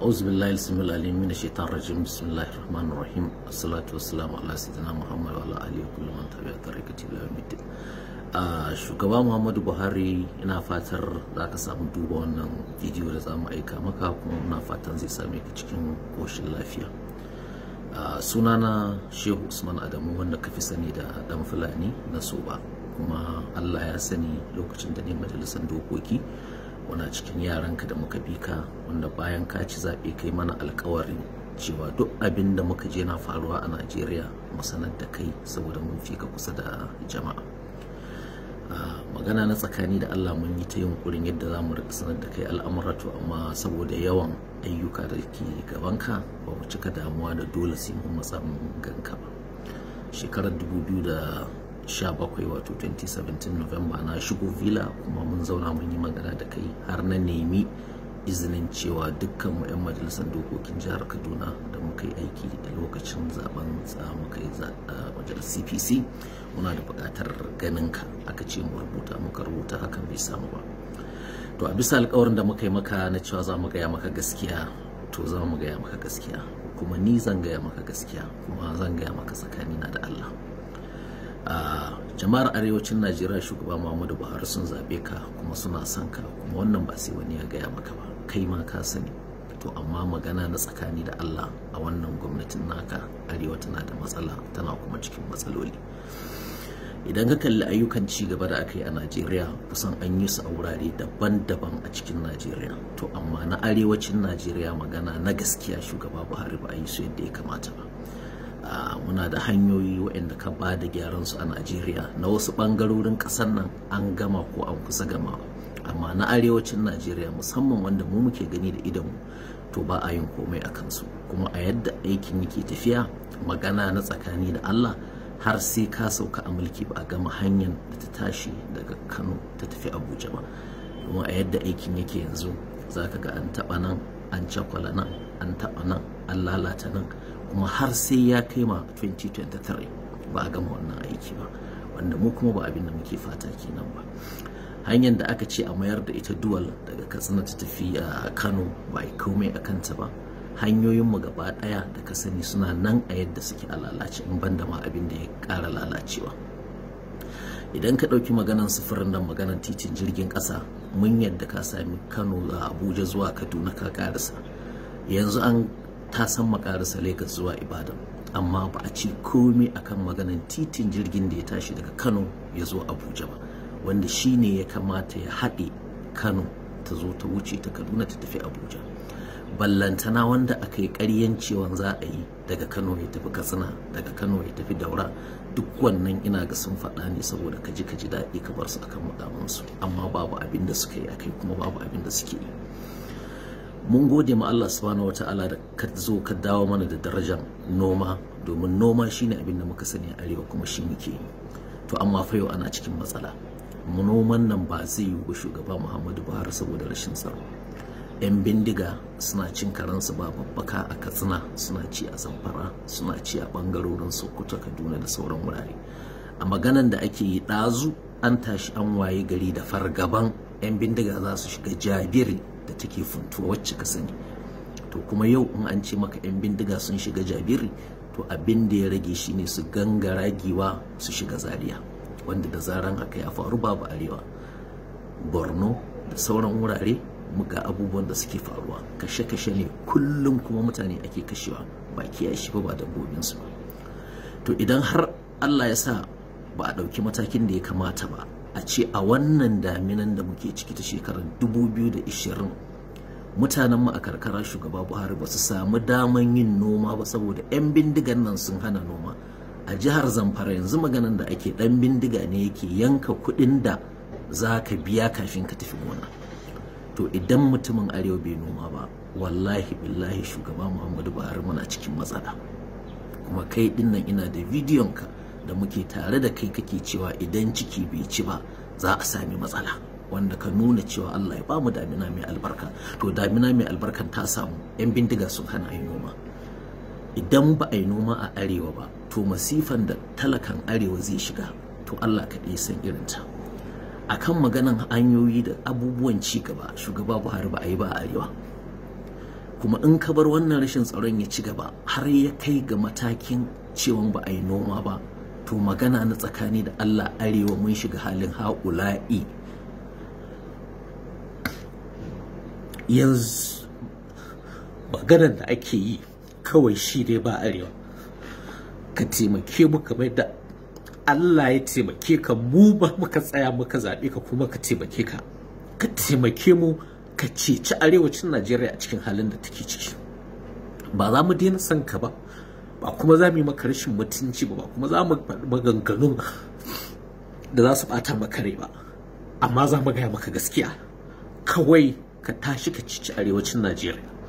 أعوذ بالله السميع العليم من الشيطان الرجيم بسم الله الرحمن الرحيم الصلاة والسلام على سيدنا محمد وعلى آله shugaba Muhammadu Buhari ina fatar za ka samu duba wannan bidiyo da za mu aika maka kuma muna fatan zai same cikin koshin lafiya sunana Shehu Usman Adamu wanda ka fi sani da dan Fulani na Soba kuma Allah ya sani lokacin da ne majalisar dokoki muna cikin yaranka da muka bi ka wanda bayan ka ci zaɓe kai mana alkawarin cewa duk abin da muka je na faruwa a najeriya mu sanar da kai saboda mun fi ka kusa da jama'a ah, magana na tsakani da allah mun yi ta yunkurin yadda za mu sanar da kai al'amura to amma saboda yawan ayyuka da ke gabanka ba mu cika damuwa da dole sai mun matsa mun ganka ba shekarar 2000 17 wato 2017 november na shigo villa kuma mun zauna mun yi magana da kai har na nemi izinin cewa dukkan mu 'yan majalisar dokokin jihar kaduna da muka yi aiki a lokacin zaben muka yi majalisar cpc muna da buƙatar ganin ka aka ce mu rubuta muka rubuta hakan bai samu ba to a bisa alƙawarin da muka yi maka na cewa za mu gaya maka gaskiya to za mu gaya maka gaskiya kuma ni zan gaya maka gaskiya kuma zan gaya maka tsakanina da allah a jama'ar arewacin najeriya shugaba muhammadu buhari sun zaɓe ka kuma suna son ka kuma wannan ba sai wani ya gaya maka ba kai ma ka sani to amma magana na tsakani da allah a wannan gwamnatin naka arewa tana da matsala tana kuma cikin matsaloli idan ka kalli ayyukan ci gaba da aka yi a najeriya kusan an yi su a wurare daban-daban a cikin najeriya to amma na arewacin najeriya magana na gaskiya shugaba buhari ba a yi su yadda ya kamata ba Ah, muna da hanyoyi waɗanda ka ba da gyaran su a najeriya na wasu ɓangarorin ƙasar nan an gama ko an kusa gama. amma na arewacin najeriya musamman wanda mu muke gani da idan to ba a yin komai a kansu kuma a yadda aikin yake tafiya magana na tsakani da allah har sai ka sauka a mulki ba a gama hanyar da ta tashi daga kano ta tafi abuja ba kuma a yadda aikin yake yanzu za ka ga an taɓa nan an cakwala nan an taɓa nan an lalata nan kuma har sai ya kai ma 2023 ba a gama wannan aiki ba wanda mu kuma ba abin da muke fata kenan ba hanyar da aka ce a mayar da ita duwal daga katsina ta tafi a kano ba a komai a kanta ba hanyoyinmu gaba ɗaya da ka sani suna nan a yadda suke a lalace in banda ma abin da ya kara lalacewa idan ka ɗauki maganar sufurin nan maganan titin jirgin ƙasa mun yadda ka sami kano a abuja zuwa kaduna ka ƙarisa yanzu an ta san makarisa Lagos zuwa Ibadan amma ba a ce komai akan maganan titin jirgin da ya tashi daga Kano ya zo Abuja ba wanda shi ne ya kamata ya haɗe Kano ta zo ta wuce ta Kaduna ta tafi Abuja ballantana wanda aka yi ƙaryan cewan za a yi daga Kano ya tafi Katsina daga Kano ya tafi Daura duk wannan ina ga sun faɗa ne saboda kaji ji daɗi ka bar su akan mukamansu amma babu abin da suka yi akai kuma babu abin da suke yi mun gode ma Allah subhanahu wataala da ka zo ka dawo mana da darajar noma domin noma shine abin da muka sani a arewa kuma shi muke to amma fa yau ana cikin matsala noman nan ba zai yiwu ba shugaba Muhammadu Buhari saboda rashin tsaro yan bindiga suna cin karansu ba babbaka a Katsina suna ci a Zamfara suna ci a bangarorin Sokoto Kaduna da sauran wurare a maganan da ake yi ɗazu an tashi an waye gari da fargaban yan bindiga za su shiga Jabiri da take funtuwa wacce ka sani to kuma yau in an ce maka 'yan bindiga sun shiga jabiri to abin da ya rage shine su gangara giwa su shiga zaria wanda da zaran haka ya faru babu arewa borno da sauran wurare muga abubuwan da suke faruwa kashe-kashe ne kullum kuma mutane ake kashewa ba kiyashi ba ba dabbobinsu ba to idan har allah ya sa ba a ɗauki matakin da ya kamata ba a ce a wannan daminan da muke ciki ta shekarar 2020 mutanen mu a karkara shugaba buhari ba su samu daman yin noma ba saboda 'yan bindigan nan sun hana noma a jihar zamfara yanzu maganan da ake ɗan bindiga ne yake yanka kuɗin da za ka biya kafin ka tafi gona to idan mutumin arewa bai noma ba wallahi billahi shugaba muhammadu buhari muna cikin matsala kuma kai dinnan ina da bidiyon ka da muke tare da kai kake cewa idan ciki bai ci ba za a sami matsala wanda ka nuna cewa Allah ya bamu damina mai albarka to damina mai albarkan ta samu yan bindiga sun hana a noma idan ba a yi noma a arewa ba to masifan da talakan arewa zai shiga to Allah ka kaɗai san irin ta. A kan maganan hanyoyi da abubuwan ci gaba shugaba Buhari ba a yi ba a arewa kuma in ka bar wannan rashin tsaron ya ci gaba har ya kai ga matakin cewa ba a yi noma ba to magana na tsakani da Allah arewa mun shiga halin haƙula'i yanzu maganar da ake yi kawai shi ne ba arewa ka taimake mu kamar da Allah ya taimake ka mu ba muka tsaya muka zaɓe ka kuma ka taimake ka ka taimake mu ka ceci arewacin Najeriya a cikin halin da take ciki ba za mu daina sanka ba ba kuma za mu yi maka rashin mutunci ba ba kuma za mu maganganu da za su bata maka rai ba amma za mu gaya maka gaskiya kawai ka tashi ka cici arewacin najeriya